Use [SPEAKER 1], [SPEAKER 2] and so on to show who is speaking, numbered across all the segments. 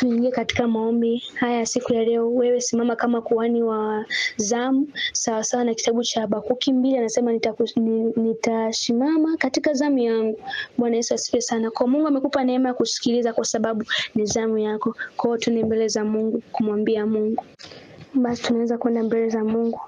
[SPEAKER 1] Tuingie katika maombi haya siku ya leo. Wewe simama kama kuhani wa zamu, sawasawa na kitabu cha Habakuki mbili, anasema nitasimama katika zamu yangu. Bwana Yesu asifiwe sana. Kwa Mungu amekupa neema ya kusikiliza, kwa sababu ni zamu yako. Kwa hiyo tuni mbele za Mungu kumwambia Mungu, basi tunaweza kwenda mbele za Mungu.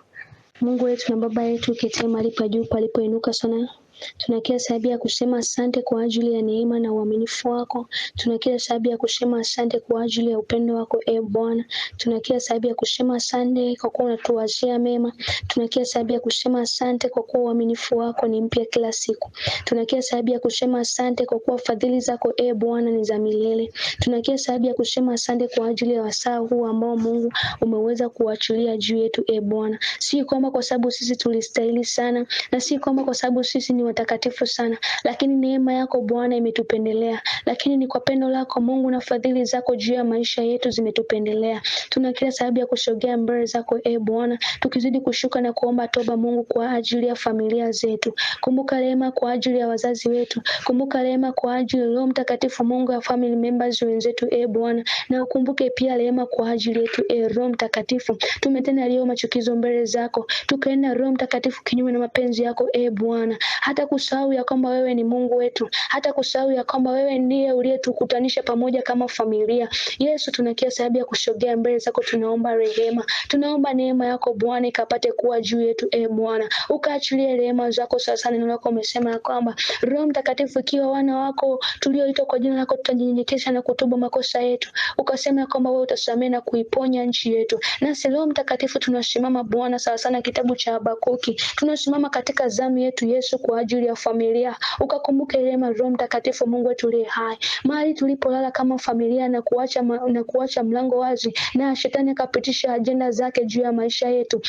[SPEAKER 1] Mungu wetu na Baba yetu uketie mahali pa juu palipoinuka sana Tuna kila sababu ya kusema asante kwa ajili ya neema na uaminifu wako. Tuna kila sababu ya kusema asante kwa ajili ya upendo wako e Bwana. Tuna kila sababu ya kusema asante kwa kuwa unatuwazia mema. Tuna kila sababu ya kusema asante kwa kuwa uaminifu wako ni mpya kila siku. Tuna kila sababu ya kusema asante kwa kuwa fadhili zako e Bwana ni za milele. Tuna kila sababu ya kusema asante kwa ajili ya wasaa huu ambao Mungu umeweza kuachilia juu yetu e Bwana. Si kwamba kwa sababu sisi tulistahili sana na si kwamba kwa sababu sisi ni mtakatifu sana, lakini neema yako Bwana imetupendelea, lakini ni kwa pendo lako Mungu na fadhili zako juu ya maisha yetu zimetupendelea. Tuna kila sababu ya kusogea mbele zako e Bwana, tukizidi kushuka na kuomba toba Mungu kwa ajili ya familia zetu. Kumbuka rehema kwa ajili ya wazazi wetu, kumbuka rehema kwa ajili Roho Mtakatifu Mungu ya family members wenzetu e Bwana, na ukumbuke pia rehema kwa ajili yetu e Roho Mtakatifu. Tumetenda leo machukizo mbele zako, tukaenda Roho Mtakatifu kinyume na mapenzi yako e Bwana hata kusahau ya kwamba wewe ni Mungu wetu, hata kusahau ya kwamba wewe ndiye uliyetukutanisha pamoja kama familia. Yesu, tunakia sababu ya kushogea mbele zako, tunaomba rehema, tunaomba neema yako Bwana ikapate kuwa juu yetu. E Bwana, ukaachilie rehema zako sasa. Neno lako umesema ya kwamba Roho Mtakatifu, ikiwa wana wako tulioitwa kwa jina lako tutajinyenyekesha na kutubu makosa yetu, ukasema ya kwamba wewe utasamehe na kuiponya nchi yetu. Nasi Roho Mtakatifu tunasimama Bwana sawa sana, kitabu cha Habakuki, tunasimama katika zamu yetu Yesu kwa ajili ya familia, ukakumbuke rehema Roho Mtakatifu, Mungu wetu uliye hai, mahali tulipolala kama familia na kuacha, na kuacha mlango wazi na shetani akapitisha ajenda zake juu ya maisha yetu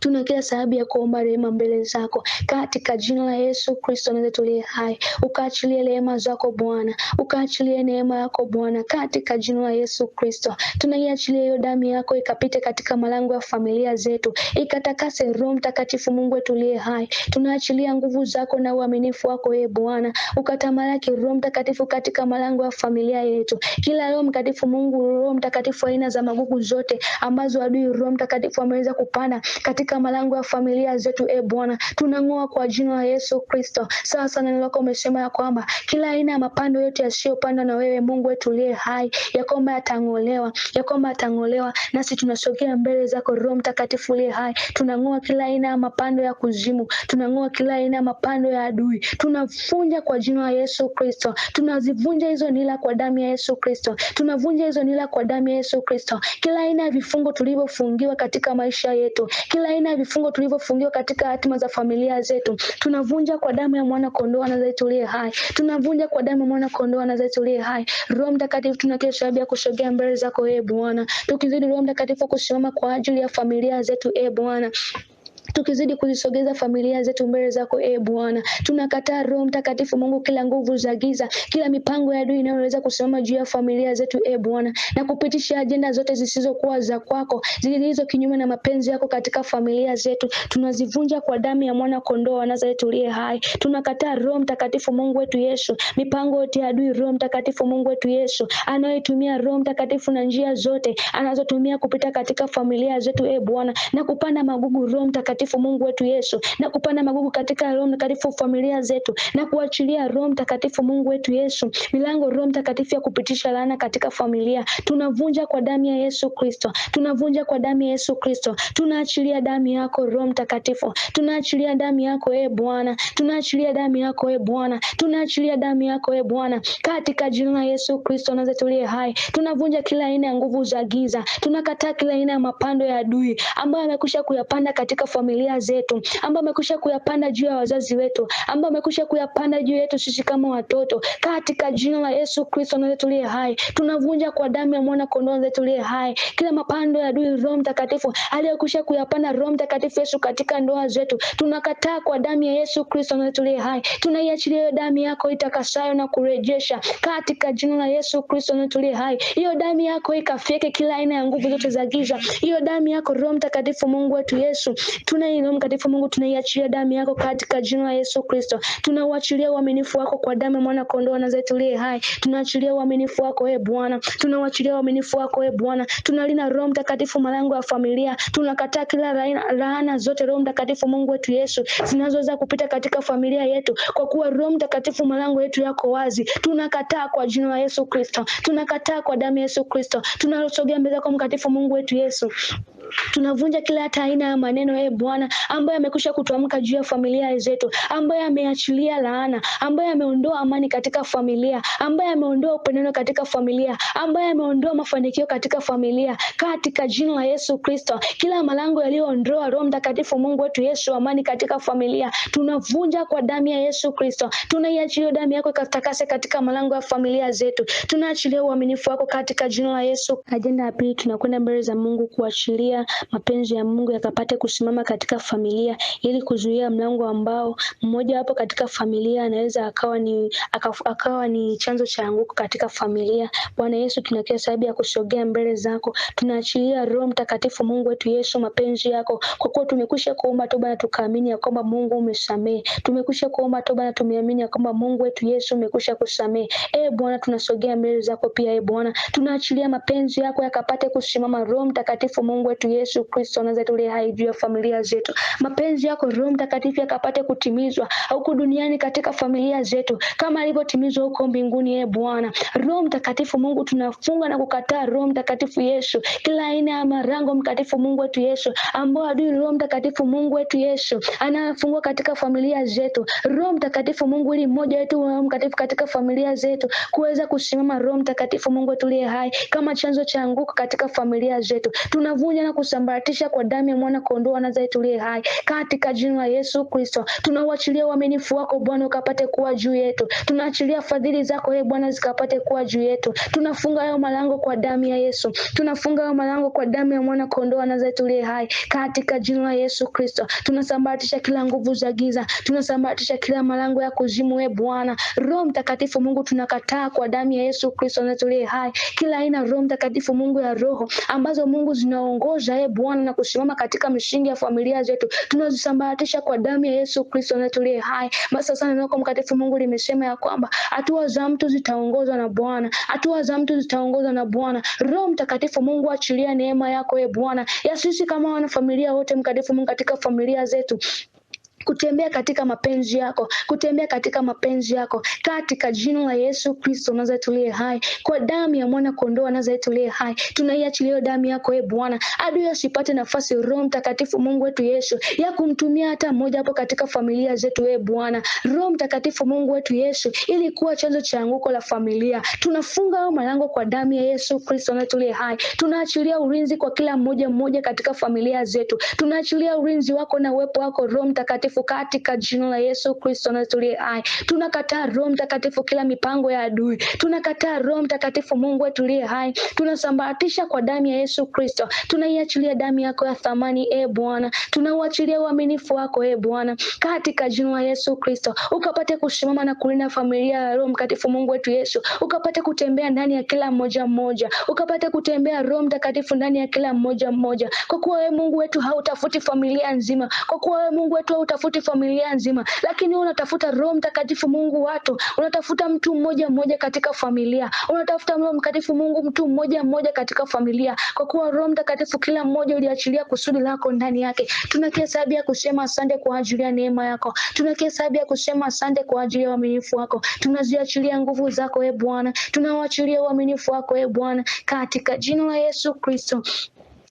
[SPEAKER 1] Tuna kila sababu ya kuomba rehema mbele zako katika jina la Yesu Kristo anayetulia hai, ukaachilie rehema zako Bwana, ukaachilie neema yako Bwana, katika jina la Yesu Kristo tunaiachilia hiyo damu yako ikapite katika malango ya familia zetu, ikatakase. Roho Mtakatifu, Mungu etulie hai, tunaachilia nguvu zako na uaminifu wako, e Bwana, ukatamalaki Roho Mtakatifu katika malango ya familia yetu, kila Roho Mtakatifu, Mungu, Roho Mtakatifu, aina za magugu zote ambazo adui Roho Mtakatifu ameweza kupana katika malango ya familia zetu, e Bwana, tunang'oa kwa jina la Yesu Kristo. Sasa neno lako umesema ya kwamba kila aina ya mapando yote yasiyopandwa na wewe Mungu wetu uliye hai, ya kwamba yatang'olewa, ya kwamba yatang'olewa, nasi tunasogea mbele zako Roho Mtakatifu uliye hai. Tunang'oa kila aina ya mapando ya kuzimu, tunang'oa kila aina ya mapando ya adui, tunavunja kwa jina la Yesu Kristo, tunazivunja hizo nila kwa damu ya Yesu Kristo, tunavunja hizo nila kwa damu ya Yesu Kristo, kila aina ya vifungo tulivyofungiwa katika maisha yetu, kila kila aina ya vifungo tulivyofungiwa katika hatima za familia zetu, tunavunja kwa damu ya mwana kondoo anazaitwa aliye hai, tunavunja kwa damu ya mwana kondoo anazaitwa aliye hai. Roho Mtakatifu, tunakiri sababu ya kusogea mbele zako, e Bwana, tukizidi Roho Mtakatifu kusimama kwa ajili ya familia zetu, e Bwana tukizidi kuzisogeza familia zetu mbele zako e Bwana. Tunakataa Roho Mtakatifu Mungu, kila nguvu za giza, kila mipango ya adui inayoweza kusimama juu ya familia zetu e Bwana, na kupitisha ajenda zote zisizokuwa za kwako, zilizo kinyume na mapenzi yako katika familia zetu, tunazivunja kwa damu ya mwana kondoo wa Nazareti uliye hai. Tunakataa Roho Mtakatifu Mungu wetu Yesu, mipango yote ya adui, Roho Mtakatifu Mungu wetu Yesu, anayetumia Roho Mtakatifu na njia zote anazotumia kupita katika familia zetu e Bwana, na kupanda magugu Roho Mtakatifu Mtakatifu Mungu wetu Yesu, na kupanda magugu katika Roho Mtakatifu familia zetu, na kuachilia Roho Mtakatifu Mungu wetu Yesu milango Roho Mtakatifu ya kupitisha laana katika familia, tunavunja kwa damu ya Yesu Kristo, tunavunja kwa damu ya Yesu Kristo, tunaachilia damu yako Roho Mtakatifu, tunaachilia damu yako e Bwana, tunaachilia damu yako e Bwana, tunaachilia damu yako e Bwana, katika jina la Yesu Kristo nazetulie hai, tunavunja kila aina ya nguvu za giza, tunakataa kila aina ya mapando ya adui ambayo amekwisha kuyapanda katika familia familia zetu, ambao umekwisha kuyapanda juu ya wazazi wetu, ambao umekwisha kuyapanda juu yetu sisi kama watoto, katika jina la Yesu Kristo na tuliye hai, tunavunja kwa damu ya mwana kondoo wetu tuliye hai kila mapando ya adui Roho Mtakatifu aliyekwisha kuyapanda Roho Mtakatifu Yesu katika ndoa zetu, tunakataa kwa damu ya Yesu Kristo na tuliye hai, tunaiachilia hiyo damu yako itakasayo na kurejesha katika jina la Yesu Kristo na tuliye hai. Hiyo damu yako ikafyeke kila aina ya nguvu zote za giza, hiyo damu yako Roho Mtakatifu Mungu wetu Yesu, tuna Bwana Yesu mtakatifu Mungu, tunaiachilia damu yako katika jina la Yesu Kristo. Tunauachilia uaminifu wako kwa damu ya mwana kondoo na zetu liye hai. Tunaachilia uaminifu wako e Bwana, tunauachilia uaminifu wako e Bwana. Tunalina Roho Mtakatifu malango ya familia, tunakataa kila laana zote Roho Mtakatifu Mungu wetu Yesu zinazoweza kupita katika familia yetu, kwa kuwa Roho Mtakatifu malango yetu yako wazi. Tunakataa kwa jina la Yesu Kristo, tunakataa kwa damu ya Yesu Kristo, tunasogea mbele kwa mkatifu Mungu wetu Yesu. Tunavunja kila hata aina ya maneno e Bwana ambayo amekusha kutuamka juu ya familia zetu, ambayo ameachilia laana, ambayo ameondoa amani katika familia, ambayo ameondoa upenano katika familia, ambayo ameondoa mafanikio katika familia, katika jina la Yesu Kristo. Kila malango yaliyoondoa Roho Mtakatifu, Mungu wetu Yesu, amani katika familia, tunavunja kwa damu ya Yesu Kristo. Tunaiachilia damu yako ikatakase katika malango ya familia zetu, tunaachilia uaminifu wako katika jina la Yesu. Ajenda ya pili, tunakwenda mbele za Mungu kuachilia mapenzi ya Mungu yakapate kusimama katika familia ili kuzuia mlango ambao mmoja wapo katika familia anaweza akawa ni akawa ni chanzo cha anguko katika familia. Bwana Yesu, tunakia sababu ya kusogea mbele zako, tunaachilia Roho Mtakatifu, Mungu wetu Yesu, mapenzi yako, kwa kuwa tumekwisha kuomba toba na tukaamini ya kwamba Mungu umesamehe. Tumekwisha kuomba toba na tumeamini ya kwamba Mungu wetu Yesu umekwisha kusamehe. E Bwana, tunasogea mbele zako pia. E Bwana, tunaachilia mapenzi yako yakapate kusimama. Roho Mtakatifu, Mungu wetu Yesu Kristo anaweza tule hai juu ya familia zetu. Mapenzi yako Roho Mtakatifu yakapate kutimizwa huku duniani katika familia zetu kama alivyotimizwa huko mbinguni. Ee Bwana Roho Mtakatifu Mungu, tunafunga na kukataa Roho Mtakatifu Yesu, kila aina ya marango mtakatifu Mungu wetu Yesu, ambao adui Roho Mtakatifu Mungu wetu Yesu anafungua katika familia zetu. Roho Mtakatifu Mungu, ili mmoja wetu Roho Mtakatifu katika familia zetu kuweza kusimama, Roho Mtakatifu Mungu tuliye hai kama chanzo cha anguko katika familia zetu tunavunja na kusambaratisha kwa damu ya mwana kondoo anazaye tuliye hai. Katika jina la Yesu Kristo tunauachilia uaminifu wako Bwana ukapate kuwa juu yetu, tunaachilia fadhili zako e Bwana zikapate kuwa juu yetu. Tunafunga hayo malango kwa damu ya Yesu, tunafunga hayo malango kwa damu ya mwana kondoo anazaye tuliye hai. Katika jina la Yesu Kristo tunasambaratisha kila nguvu za giza, tunasambaratisha kila malango ya kuzimu e Bwana. Roho Mtakatifu Mungu tunakataa kwa damu ya Yesu Kristo anayetuliye hai, kila aina Roho Mtakatifu Mungu ya roho ambazo Mungu zinaongoza za ye Bwana na kusimama katika msingi ya familia zetu, tunazisambaratisha kwa damu ya Yesu Kristo na tuliye hai. Basi sana nako mkatifu Mungu limesema ya kwamba hatua za mtu zitaongozwa na Bwana, hatua za mtu zitaongozwa na Bwana. Roho Mtakatifu Mungu, achilia neema yako ye ee Bwana ya sisi kama wanafamilia wote, mkatifu Mungu katika familia zetu kutembea katika mapenzi yako, kutembea katika mapenzi yako, katika jina la Yesu Kristo nazaitulie hai, kwa damu ya mwana kondoo anazaitulie hai. Tunaiachilia damu yako e Bwana, adui asipate nafasi. Roho Mtakatifu, Mungu wetu Yesu, ya kumtumia hata mmoja hapo katika familia zetu e Bwana. Roho Mtakatifu, Mungu wetu Yesu, ili kuwa chanzo cha anguko la familia, tunafunga hayo malango kwa damu ya Yesu Kristo anayetulie hai. Tunaachilia ulinzi kwa kila mmoja mmoja katika familia zetu, tunaachilia ulinzi wako na uwepo wako Roho Mtakatifu Mtakatifu katika jina la Yesu Kristo nazulie hai. Tunakataa Roho Mtakatifu kila mipango ya adui. Tunakataa Roho Mtakatifu Mungu atulie hai. Tunasambaratisha kwa damu ya Yesu Kristo. Tunaiachilia damu yako ya thamani e Bwana. Tunauachilia uaminifu wako e Bwana. Katika jina la Yesu Kristo. Ukapate kusimama na kulinda familia ya Roho Mtakatifu Mungu wetu Yesu. Ukapate kutembea ndani ya kila mmoja mmoja. Ukapate kutembea Roho Mtakatifu ndani ya kila mmoja mmoja. Kwa kuwa wewe Mungu wetu hautafuti familia nzima. Kwa kuwa wewe Mungu wetu hautafuti utafute familia nzima, lakini wewe unatafuta Roho Mtakatifu Mungu watu, unatafuta mtu mmoja mmoja katika familia, unatafuta Roho Mtakatifu Mungu mtu mmoja mmoja katika familia, kwa kuwa Roho Mtakatifu kila mmoja uliachilia kusudi lako ndani yake. Tunakuhesabia kusema asante kwa ajili ya neema yako, tunakuhesabia kusema asante kwa ajili ya uaminifu wako, tunaziachilia nguvu zako e Bwana, tunawaachilia uaminifu wako e Bwana, katika jina la Yesu Kristo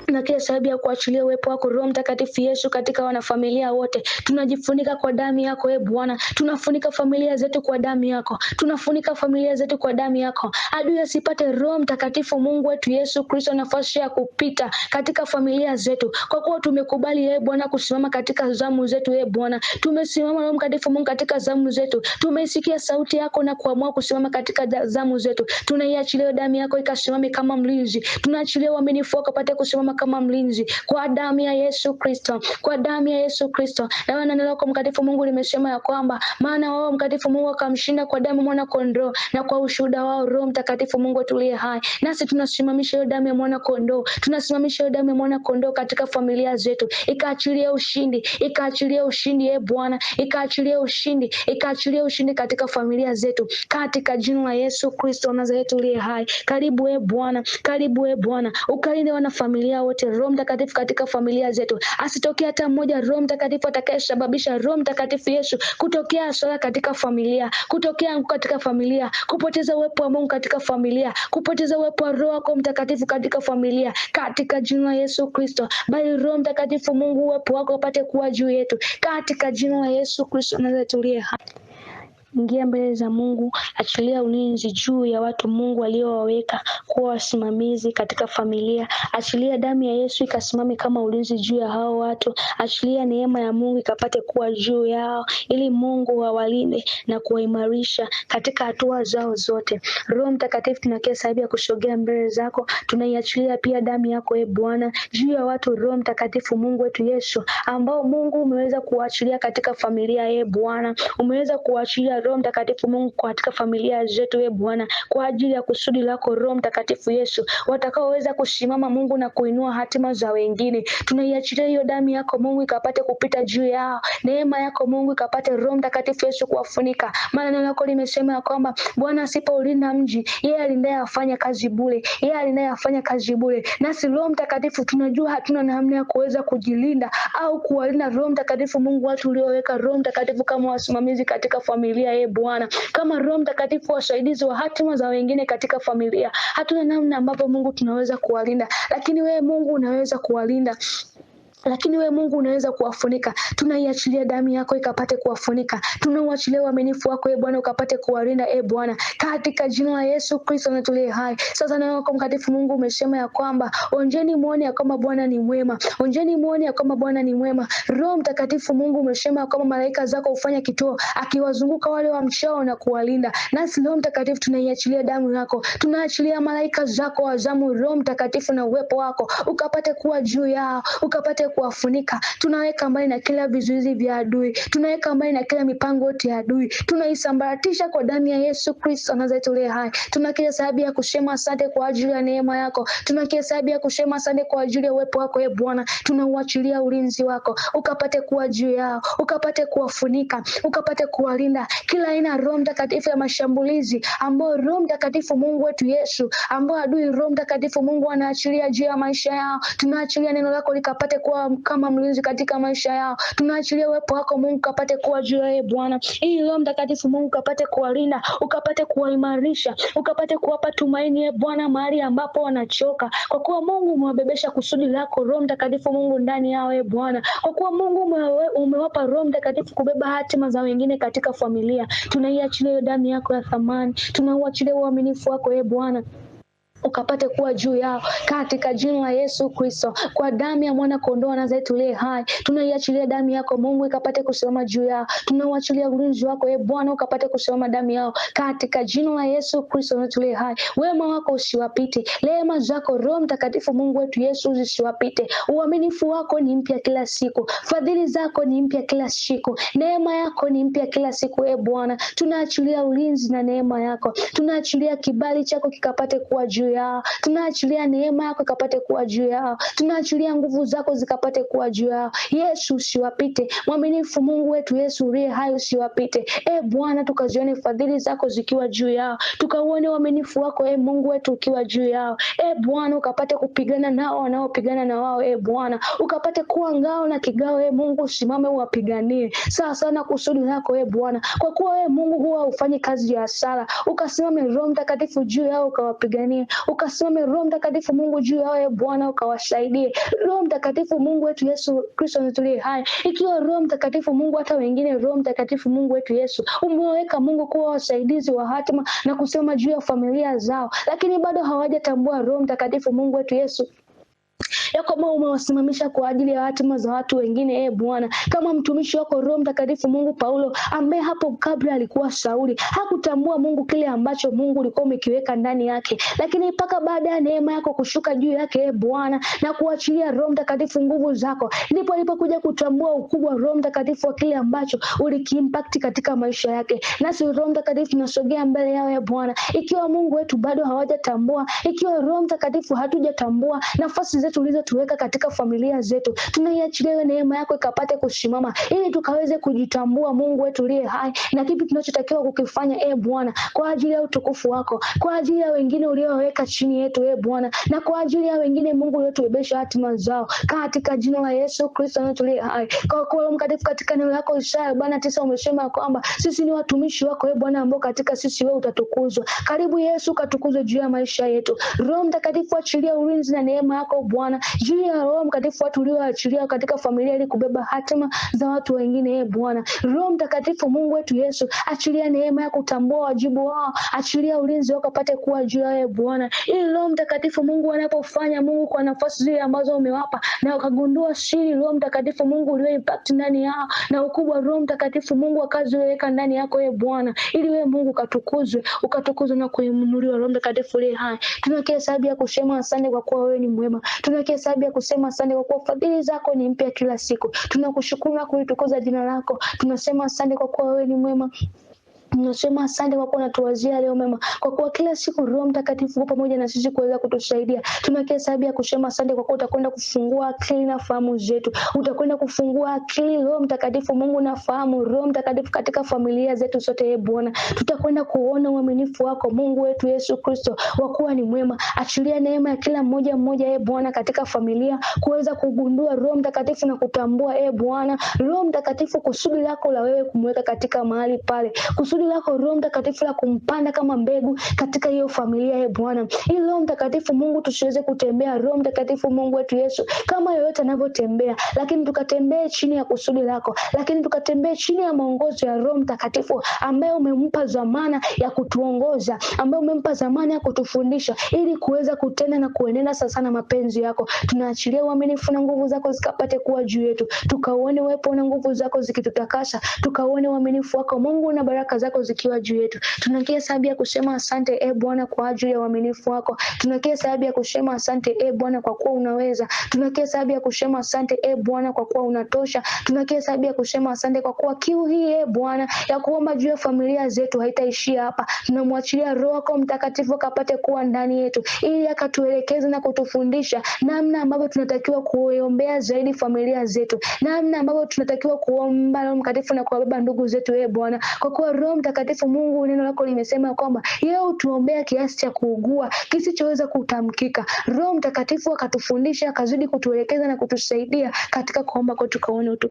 [SPEAKER 1] na kila sababu ya kuachilia uwepo wako Roho Mtakatifu Yesu katika wanafamilia wote. Tunajifunika kwa damu yako e Bwana, tunafunika familia zetu kwa damu yako, tunafunika familia zetu kwa damu yako, adui asipate Roho Mtakatifu Mungu wetu Yesu Kristo nafasi ya kupita katika familia zetu, kwa kuwa tumekubali e Bwana kusimama katika zamu zetu e Bwana, tumesimama Roho Mtakatifu Mungu katika zamu zetu, tumeisikia sauti yako na kuamua kusimama katika zamu zetu. Tunaiachilia damu yako ikasimame kama mlinzi, tunaachilia uaminifu wako pate kusimama kusimama kama mlinzi kwa damu ya Yesu Kristo, kwa damu ya Yesu Kristo. Ewe neno lako mkatifu Mungu limesema ya kwamba maana wao mkatifu Mungu akamshinda kwa damu mwana kondoo na kwa ushuhuda wao. Roho Mtakatifu Mungu tulie hai, nasi tunasimamisha hiyo damu ya mwana kondoo, tunasimamisha hiyo damu ya mwana kondoo katika familia zetu, ikaachilie ushindi, ikaachilie ushindi e Bwana, ikaachilie ushindi, ikaachilie ushindi katika familia zetu, katika jina la Yesu Kristo Nazareti uliye hai. Karibu e Bwana, karibu e Bwana, ukalinde wana familia familia wote, Roho Mtakatifu katika familia zetu, asitokee hata mmoja, Roho Mtakatifu atakayesababisha, Roho Mtakatifu Yesu, kutokea sala katika familia, kutokea anguko katika familia, kupoteza uwepo wa Mungu katika familia, kupoteza uwepo wa Roho wako Mtakatifu katika familia, katika jina la Yesu Kristo. Bali Roho Mtakatifu Mungu, uwepo wako upate kuwa juu yetu, katika jina la Yesu Kristo. Naweza hapa ingia mbele za Mungu, achilia ulinzi juu ya watu Mungu aliowaweka kuwa wasimamizi katika familia. Achilia damu ya Yesu ikasimame kama ulinzi juu ya hao watu. Achilia neema ya Mungu ikapate kuwa juu yao, ili Mungu awalinde na kuwaimarisha katika hatua zao zote. Roho Mtakatifu, tunakia sahibu ya kushogea mbele zako, tunaiachilia pia damu yako e Bwana juu ya watu. Roho Mtakatifu, Mungu wetu Yesu, ambao Mungu umeweza kuwaachilia katika familia, e Bwana umeweza kuwaachilia Roho Mtakatifu Mungu katika familia zetu, e Bwana, kwa ajili ya kusudi lako, Roho Mtakatifu Yesu, watakaoweza kusimama Mungu na kuinua hatima za wengine, tunaiachilia hiyo damu yako Mungu ikapate kupita juu yao, neema yako Mungu ikapate, Roho Mtakatifu Yesu kuwafunika, maana neno lako limesema ya kwamba Bwana asipoulinda mji, yeye alindaye afanya kazi bure, yeye alindaye afanya kazi bure. Nasi Roho Mtakatifu tunajua hatuna namna ya kuweza kujilinda au kuwalinda, Roho Mtakatifu Mungu, watu ulioweka Roho Mtakatifu kama wasimamizi katika familia familia, e Bwana, kama Roho Mtakatifu, wasaidizi wa hatima za wengine katika familia. Hatuna namna ambavyo Mungu tunaweza kuwalinda, lakini wewe Mungu unaweza kuwalinda lakini we Mungu unaweza kuwafunika. Tunaiachilia damu yako ikapate kuwafunika, tunauachilia uaminifu wako e Bwana ukapate kuwalinda e Bwana, katika jina la Yesu Kristo natulie hai sasa. Na wako mkatifu Mungu umesema ya kwamba onjeni muone ya kwamba Bwana ni mwema, onjeni muone ya kwamba Bwana ni mwema. Roho Mtakatifu Mungu umesema ya kwamba malaika zako hufanya kituo akiwazunguka wale wamchao na kuwalinda. Nasi Roho Mtakatifu tunaiachilia damu yako, tunaachilia malaika zako wazamu, Roho Mtakatifu na uwepo wako ukapate kuwa juu yao ukapate tuweze kuwafunika. Tunaweka mbali na kila vizuizi vya adui, tunaweka mbali na kila mipango yote ya adui, tunaisambaratisha kwa damu ya Yesu Kristo anazaitolea hai. Tuna sababu ya kusema asante kwa ajili ya neema yako, tuna sababu ya kusema asante kwa ajili ya uwepo wako. E Bwana, tunauachilia ulinzi wako ukapate kuwa juu yao, ukapate kuwafunika, ukapate kuwalinda kila aina Roho Mtakatifu ya mashambulizi ambayo Roho Mtakatifu Mungu wetu Yesu ambayo adui Roho Mtakatifu Mungu anaachilia juu ya maisha yao, tunaachilia neno lako likapate kuwa kuwa kama mlinzi katika maisha yao. Tunaachilia uwepo wako Mungu kapate kuwa juu yao ee Bwana, ili Roho Mtakatifu Mungu kapate kuwalinda, ukapate kuwaimarisha, ukapate kuwapa tumaini e Bwana mahali ambapo wanachoka, kwa kuwa Mungu umewabebesha kusudi lako, Roho Mtakatifu Mungu ndani yao e Bwana, kwa kuwa Mungu umewapa Roho Mtakatifu kubeba hatima za wengine katika familia. Tunaiachilia hiyo damu yako ya thamani, tunauachilia uaminifu wako e Bwana ukapate kuwa juu yao katika jina la Yesu Kristo, kwa damu ya mwana kondoo Nazareti tuliye hai, tunaiachilia damu yako Mungu ikapate kusimama juu yao. Tunauachilia ulinzi wako e Bwana ukapate kusimama damu yao katika jina la Yesu Kristo tuliye hai. Wema wako usiwapite, rehema zako Roho Mtakatifu Mungu wetu Yesu zisiwapite. Uaminifu wako ni mpya kila siku, fadhili zako ni mpya kila siku, neema yako ni mpya kila siku. E Bwana, tunaachilia ulinzi na neema yako, tunaachilia kibali chako kikapate kuwa juu juu yao, tunaachilia neema yako ikapate kuwa juu yao, tunaachilia nguvu zako zikapate kuwa juu yao. Yesu usiwapite, mwaminifu Mungu wetu Yesu uliye hai usiwapite. E Bwana, tukazione fadhili zako zikiwa juu yao, tukauone uaminifu wako e Mungu wetu ukiwa juu yao. E Bwana, ukapate kupigana nao wanaopigana na wao e Bwana, ukapate kuwa ngao na kigao e Mungu, usimame uwapiganie sawa na kusudi lako e Bwana, kwa kuwa e Mungu huwa ufanyi kazi ya hasara. Ukasimame Roho Mtakatifu juu yao ukawapiganie ukasimame Roho Mtakatifu Mungu juu yao Bwana, ukawasaidie Roho Mtakatifu Mungu wetu Yesu Kristo natulie hai, ikiwa Roho Mtakatifu Mungu hata wengine, Roho Mtakatifu Mungu wetu Yesu umewaweka Mungu kuwa wasaidizi wa hatima na kusema juu ya familia zao, lakini bado hawajatambua Roho Mtakatifu Mungu wetu Yesu ya umewasimamisha kwa ajili ya hatima za watu wengine. E Bwana, kama mtumishi wako Roho Mtakatifu, Mungu Paulo, ambaye hapo kabla alikuwa Sauli, hakutambua Mungu kile ambacho Mungu ulikuwa umekiweka ndani yake, lakini mpaka baada ya neema yako kushuka juu yake, e Bwana, na kuachilia Roho Mtakatifu nguvu zako, ndipo alipokuja kutambua ukubwa Roho Mtakatifu wa kile ambacho ulikiimpact katika maisha yake. Nasi Roho Mtakatifu nasogea mbele yao, e Bwana, ikiwa Mungu wetu bado hawajatambua, ikiwa Roho Mtakatifu hatujatambua nafasi zetu zote tulizotuweka katika familia zetu, tunaiachilia hiyo neema yako ikapate kusimama, ili tukaweze kujitambua Mungu wetu uliye hai na kipi tunachotakiwa kukifanya, e Bwana, kwa ajili ya utukufu wako, kwa ajili ya wengine ulioweka chini yetu, e Bwana, na kwa ajili ya wengine Mungu uliotubebesha hatima zao, katika jina la Yesu Kristo tuliye hai. Kwa kuwa mtakatifu, katika neno lako Isaya arobaini na tisa umesema kwamba sisi ni watumishi wako, e Bwana, ambao katika sisi wewe utatukuzwa. Karibu Yesu katukuzwe juu ya maisha yetu. Roho Mtakatifu, achilia ulinzi na neema yako Bwana. Bwana, juu ya Roho Mtakatifu, watu ulioachilia katika familia ili kubeba hatima za watu wengine. E Bwana, Roho Mtakatifu, Mungu wetu Yesu, achilia neema ya kutambua wajibu wao, achilia ulinzi wako apate kuwa juu yao, e Bwana, ili Roho Mtakatifu Mungu wanapofanya Mungu kwa nafasi zile ambazo umewapa na ukagundua siri, Roho Mtakatifu Mungu ulio impact ndani yao na ukubwa, Roho Mtakatifu Mungu akaziweka ndani yako, e Bwana, ili wewe Mungu ukatukuzwe, ukatukuzwe na kuinuliwa. Roho Mtakatifu uliye hai, tuna sababu ya kusema asante kwa kuwa wewe ni mwema. Tuweke sababu ya kusema asante kwa kuwa fadhili zako ni mpya kila siku. Tunakushukuru na kulitukuza jina lako. Tunasema asante kwa kuwa wewe ni mwema nasema asante kwa kuwa natuwazia leo mema, kwa kuwa kila siku Roho Mtakatifu pamoja na sisi kuweza kutusaidia. ya kusema asante kwa kuwa utakwenda kufungua akili na fahamu zetu, utakwenda kufungua akili Roho Mtakatifu, Mungu na fahamu, Roho Mtakatifu katika familia zetu zote. E Bwana, tutakwenda kuona uaminifu wako Mungu wetu Yesu Kristo, wakuwa ni mwema. Achilia neema ya kila mmoja mmoja, e Bwana, katika familia kuweza kugundua Roho Mtakatifu na kutambua, e Bwana, Roho Mtakatifu, kusudi lako la wewe kumweka katika mahali pale kusudi kusudi lako Roho Mtakatifu la kumpanda kama mbegu katika hiyo familia, ya ee Bwana, ili Roho Mtakatifu Mungu tusiweze kutembea, Roho Mtakatifu Mungu wetu Yesu, kama yoyote anavyotembea, lakini tukatembee chini ya kusudi lako, lakini tukatembee chini ya maongozo ya Roho Mtakatifu ambaye umempa zamana ya kutuongoza, ambaye umempa zamana ya kutufundisha ili kuweza kutenda na kuenenda sasa na mapenzi yako. Tunaachilia uaminifu na nguvu zako zikapate kuwa juu yetu, tukauone uwepo na nguvu zako zikitutakasa, tukauone uaminifu wako Mungu na baraka zako zako zikiwa juu yetu. Tunakia sababu ya kusema asante e Bwana kwa ajili ya uaminifu wako. Tunakia sababu ya kusema asante e Bwana kwa kuwa unaweza. Tunakia sababu ya kusema asante e Bwana kwa kuwa unatosha. Tunakia sababu ya kusema asante kwa kuwa kiu hii e Bwana ya kuomba juu ya familia zetu haitaishia hapa. Tunamwachilia Roho yako Mtakatifu akapate kuwa ndani yetu ili akatuelekeze na kutufundisha namna ambavyo tunatakiwa kuombea zaidi familia zetu, namna ambavyo tunatakiwa kuomba Roho Mtakatifu na kuwabeba ndugu zetu e Bwana kwa kuwa Roho Mtakatifu Mungu, neno lako limesema kwamba yeye utuombea kiasi cha kuugua kisichoweza kutamkika. Roho Mtakatifu akatufundisha akazidi kutuelekeza na kutusaidia katika kuomba kwetu, utu